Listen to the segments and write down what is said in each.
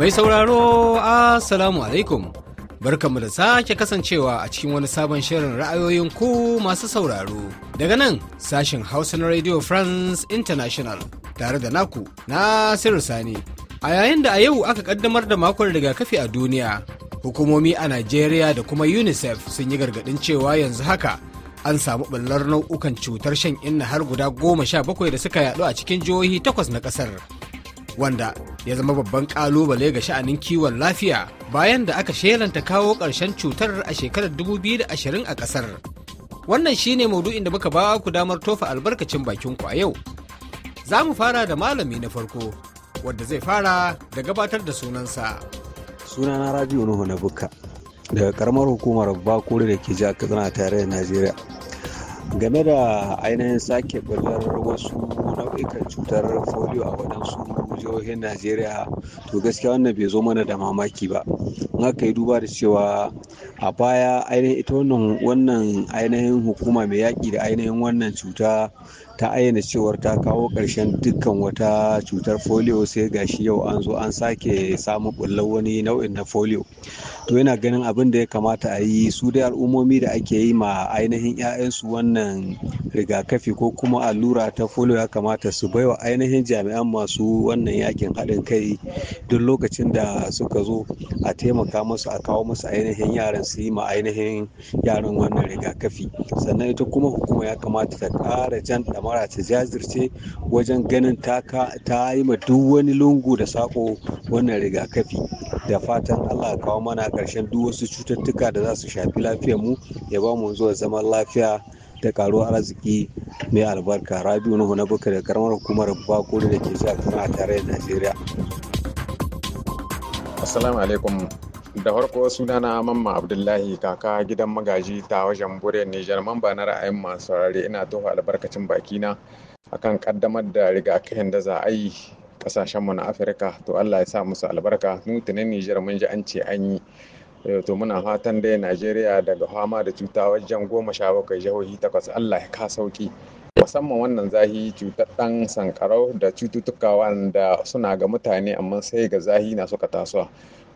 Mai sauraro Assalamu alaikum. Barkanmu da sake kasancewa a cikin wani sabon shirin ra'ayoyin ku masu sauraro. Daga nan sashen Hausa na Radio France International tare da naku Nasiru Sani. A yayin da a yau aka kaddamar da makon rigakafi a duniya, hukumomi a Najeriya da kuma UNICEF sun yi gargaɗin cewa yanzu haka an samu ɓullar nau'ukan cutar shan inna har guda goma sha bakwai da suka yaɗu a cikin jihohi takwas na ƙasar wanda ya zama babban ƙalubale ga sha'anin kiwon lafiya bayan da aka shelanta kawo ƙarshen cutar a shekarar dubu biyu da ashirin a ƙasar wannan shine maudu'in da muka ba ku damar tofa albarkacin bakin ku a yau za mu fara da malami na farko wadda zai fara da gabatar da sunansa sunana rabiu nuhu na buka daga karamar hukumar bakuri da ke jihar katsina tarayyar najeriya game da ainihin sake bullar wasu nau'ikan cutar foliyo a waɗansu jihohin najeriya to gaskiya wannan bai zo mana da mamaki ba in aka yi duba da cewa a baya ainihin ita wannan wannan ainihin hukuma mai yaƙi da ainihin wannan cuta ta ayyana cewar ta kawo ƙarshen dukkan wata cutar folio sai gashi yau an zo an sake samun ɓullar wani nau'in na folio to yana ganin abin da ya kamata a yi su dai al'ummomi da ake yi ma ainihin 'ya'yansu wannan rigakafi ko kuma allura ta folio ya kamata su baiwa ainihin jami'an masu wannan yakin haɗin kai duk lokacin da suka zo a taimaka taimaka musu a kawo musu ainihin yaran su yi ma ainihin yaran wannan rigakafi sannan ita kuma hukuma ya kamata ta ƙara jan ɗamara ta jajirce wajen ganin ta yi ma duk wani lungu da sako wannan rigakafi da fatan allah kawo mana ƙarshen duk wasu cututtuka da za su shafi lafiyar mu ya ba mu zuwa zaman lafiya da karuwar arziki mai albarka rabiu nuhu na buka da karamar hukumar bakuri da ke jihar kano a tarayyar najeriya assalamu alaikum da farko suna na mamma abdullahi kaka gidan magaji ta wajen bure nijar mamba na ra'ayin masu saurare ina tofa albarkacin bakina akan kaddamar da rigakafin da za a yi kasashenmu na afirka to allah ya sa musu albarka mutunan nijar mun ji an ce an yi eh, to muna fatan dai najeriya daga fama da cuta wajen goma sha bakwai jihohi takwas allah ya ka sauki musamman wannan zahi cutar ɗan sankarau da cututtuka wanda suna ga mutane amma sai ga zahi na suka tasowa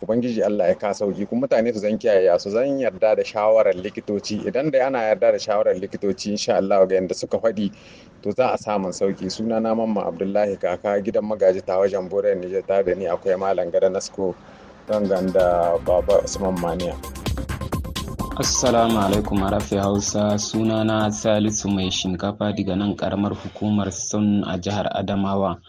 ubangiji Allah ya ka sauki kuma mutane su zan kiyaye su zan yarda da shawarar likitoci idan da ana yarda da shawarar likitoci insha Allah ga yanda suka faɗi to za a samun sauki suna na mamma Abdullahi kaka gidan magaji ta wajen Bore Niger ta da ni akwai malam gada Nasko dangan da baba Usman Maniya Assalamu alaikum Arafi Hausa sunana Salisu mai shinkafa daga nan karamar hukumar sun a jihar Adamawa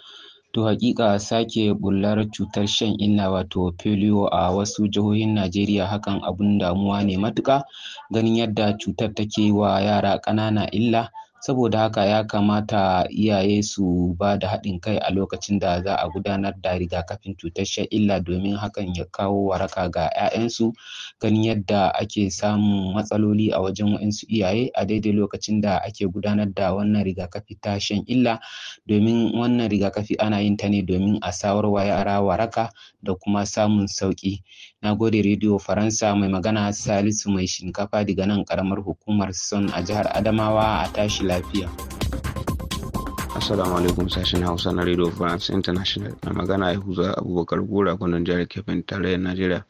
To haƙiƙa sake ɓullar cutar shan inna wato polio a wasu jihohin Najeriya hakan abun damuwa ne matuƙa ganin yadda cutar take wa yara ƙanana illa saboda haka ya kamata iyaye su ba da haɗin kai a lokacin da za a gudanar da rigakafin cutar sha'illa domin hakan ya kawo waraka ga 'ya'yansu ganin yadda ake samun matsaloli a wajen wa'insu iyaye a daidai lokacin da ake gudanar da wannan rigakafi ta illa domin wannan rigakafi ana yin ta ne domin a sawar wa yara waraka da kuma samun sauƙi na gode rediyo faransa mai magana salisu mai shinkafa daga nan ƙaramar hukumar son a jihar adamawa a tashi lafiya. Assalamu alaikum sashen Hausa na Radio France International na magana ya huza Abubakar Gora kwanan jihar Kebbi tarayyar Najeriya.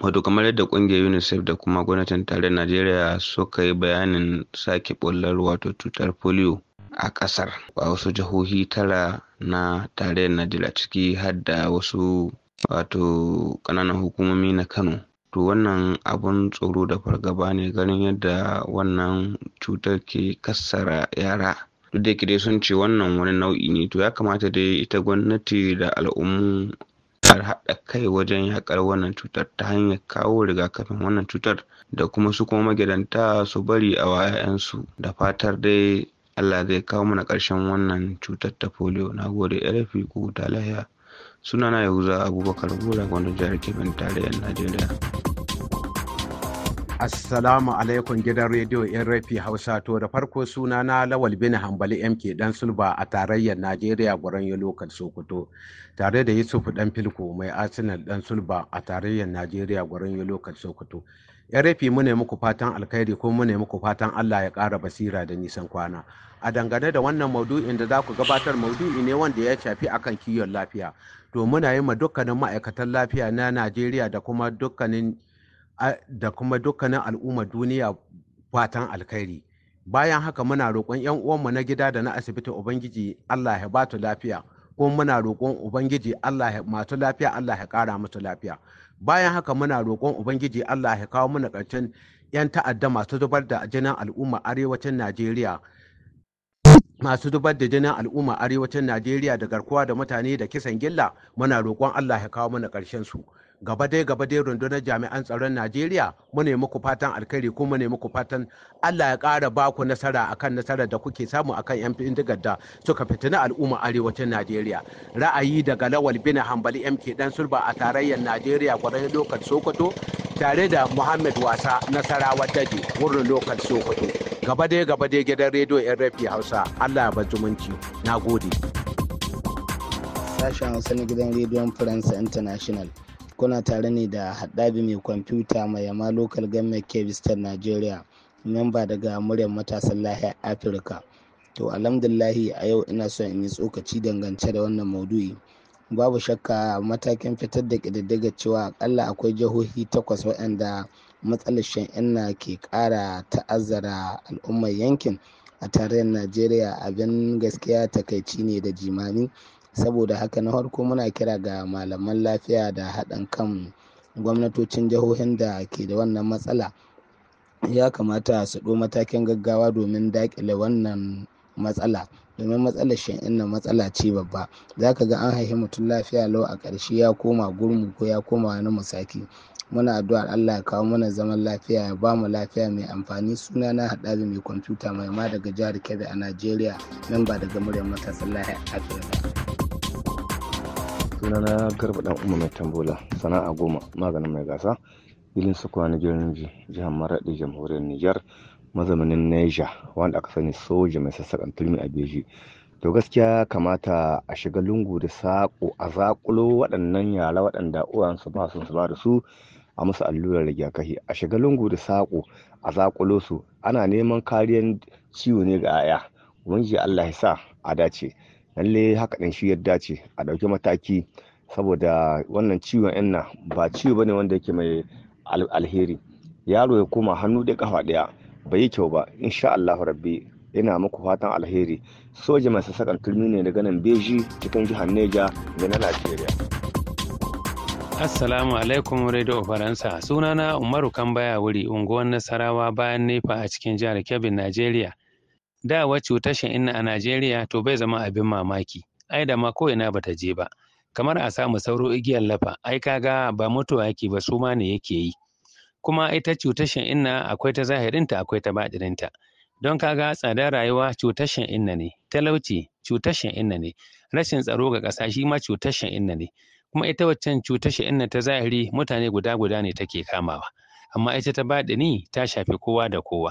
Wato kamar yadda kungiyar UNICEF da kuma gwamnatin tarayyar Najeriya suka yi bayanin sake bullar wato cutar polio a ƙasar a wasu jihohi tara na tarayyar Najeriya ciki har da wasu wato ƙananan hukumomi na Kano. to wannan abun tsoro da fargaba ne ganin yadda wannan cutar ke kassara yara duk da yake dai sun ce wannan wani nau'i ne to ya kamata dai ita gwamnati da al'ummu har haɗa kai wajen yaƙar wannan cutar ta hanyar kawo rigakafin wannan cutar da kuma su kuma magidanta su bari a wayayensu da fatar dai Allah zai kawo mana ƙarshen wannan cutar ta polio na gode rfi ko ta lahiya sunana yahuza abubakar bura wanda jihar kebin tarayyar najeriya Assalamu alaikum gidan rediyo rafi Hausa to da farko suna na Lawal Bini Hambali MK dan Sulba a tarayyar Najeriya guran lokal Sokoto tare da Yusuf dan Filko mai Arsenal dan Sulba a tarayyar Najeriya guran lokal Sokoto. rafi mu ne muku fatan alkhairi ko mu ne muku fatan Allah ya ƙara basira da nisan kwana. A dangane da wannan maudu'in da za ku gabatar maudu'i ne wanda ya shafi akan kiwon lafiya. To muna yi ma dukkanin ma'aikatan lafiya na Najeriya da kuma dukkanin da kuma dukkanin al'ummar duniya fatan alkhairi bayan haka muna roƙon 'yan uwanmu na gida da na asibiti ubangiji allah ya batu lafiya kuma muna roƙon ubangiji allah ya matu lafiya allah ya ƙara musu lafiya bayan haka muna roƙon ubangiji allah ya kawo mana ƙarshen 'yan ta'adda masu zubar da jinin al'umma arewacin najeriya masu zubar da jinin al'umma arewacin najeriya da garkuwa da mutane da kisan gilla muna roƙon allah ya kawo mana ƙarshen su gaba dai gaba dai rundunar jami'an tsaron Najeriya mu ne muku fatan alkhairi kuma mu ne muku fatan Allah ya ƙara ba ku nasara akan nasara da kuke samu akan yan bindigar da suka fitina al'umma arewacin Najeriya ra'ayi daga Lawal bin Hambali MK dan Sulba a tarayyar Najeriya gwada lokacin Sokoto tare da Muhammad Wasa Nasarawa Daji wurin lokacin Sokoto. Gaba dai gaba dai gidan rediyo RFI Hausa Allah ya zumunci. nagode. Sashen Hausa na gidan rediyon Faransa International. kuna tare ne da haɗabi mai kwamfuta mai yama local government kebistan nigeria memba daga muryar matasan lahi a afirka to alhamdulahi a yau ina son in yi tsokaci dangance da wannan maudu'i babu shakka matakin fitar da ƙididdiga cewa akalla akwai jihohi takwas waɗanda matsalar shan'inna ke ƙara ta'azzara al'ummar yankin a tarayyar najeriya abin gaskiya takaici ne da jimami saboda haka na harko muna kira ga malaman lafiya da haɗin kan gwamnatocin jihohin da ke da wannan matsala ya kamata su ɗo matakin gaggawa domin daƙile wannan matsala domin matsalar shi inna matsala ce babba za ka ga an haihi mutum lafiya lau a ƙarshe ya koma gurmu ko ya koma wani musaki muna addu'ar Allah ya kawo mana zaman lafiya ya mu lafiya mai amfani suna na haɗa mai kwamfuta mai ma daga jihar Kebbi a Najeriya nan ba daga muryar matasan a Afirka. Suna na garba dan umar mai tambola sana'a goma maganin mai gasa filin sukuwa na jirgin jihar maraɗi jamhuriyar nijar mazaunin neja wanda aka sani soja mai sassaƙan turmi a beji to gaskiya kamata a shiga lungu da saƙo a zaƙulo waɗannan yara waɗanda uwansu ba su ba da su a musu allurar rigakafi a shiga lungu da saƙo a zaƙulo su ana neman kariyar ciwo ne ga 'ya'ya wani allah ya sa a dace lalle haka ɗin shi yadda ce a ɗauki mataki saboda wannan ciwon yanna ba ciwo bane wanda yake mai alheri yaro ya koma hannu da ƙafa ɗaya bai yi kyau ba insha Allah rabbi ina muku fatan alheri soja mai sassakan turmi ne daga nan beji cikin jihar neja da na najeriya Assalamu alaikum Radio Faransa sunana Umaru Kambaya wuri unguwar Nasarawa bayan nepa a cikin jihar Kebbi nigeria. da wacce tashin inna a Najeriya to bai zama abin mamaki, ai da ma ko ina bata je ba. Kamar a samu sauro igiyar lafa, ai kaga ba mutuwa yake ba su ma ne yake yi. Kuma ita cutar inna akwai ta zahirinta akwai ta baɗirinta, Don kaga tsadar rayuwa cutar inna ne, talauci cutar inna ne, rashin tsaro ga ƙasa shi ma cutar inna ne. Kuma ita waccan cutar inna ta zahiri mutane guda guda ne take kamawa. Amma ita ta baɗini ta shafi kowa da kowa.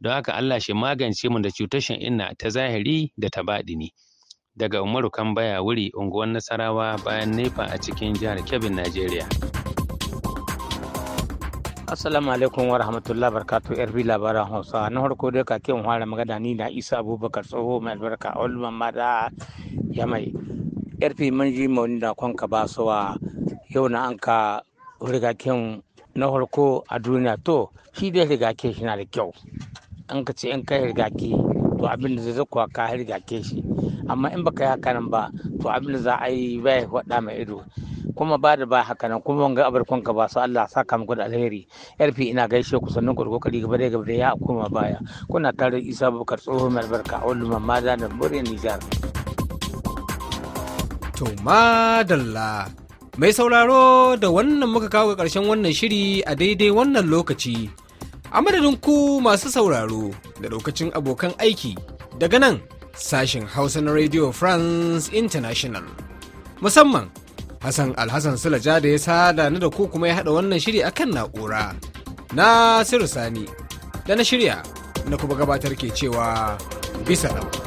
don haka Allah shi magance mu da cutar inna ta zahiri da ta baɗini daga Umaru Kambaya wuri unguwar Nasarawa bayan nefa a cikin jihar Kebbi Najeriya. Assalamu alaikum wa rahmatullahi barkatu yarfi labaran Hausa na farko dai kakin fara magana ni na Isa Abubakar tsoho mai albarka Olman Mada ya mai mun ji mawani da ka ba yau na an ka rigakin na farko a duniya to shi dai rigakin shi na da kyau an ka ce in ka rigake to abin da zai kuwa ka rigake shi amma in baka yi haka nan ba to abin da za a yi ba ya mai ido kuma ba da ba haka nan kuma wanga abarkon ka ba su Allah saka muku da alheri yarfi ina gaishe ku sannan ku kokari gaba da gaba ya koma baya kuna tare Isa Bukar tsohon mai albarka a wani Maza da Bore Nijar to madalla mai sauraro da wannan muka kawo ga karshen wannan shiri a daidai wannan lokaci A madadin ku masu sauraro da lokacin abokan aiki daga nan sashen Hausa na Radio France International. Musamman Hassan Alhassan Sulaja da ya sada ni da ku kuma ya haɗa wannan shiri akan na'ura. Na Sani da na shirya na kuma gabatar ke cewa bisa lau.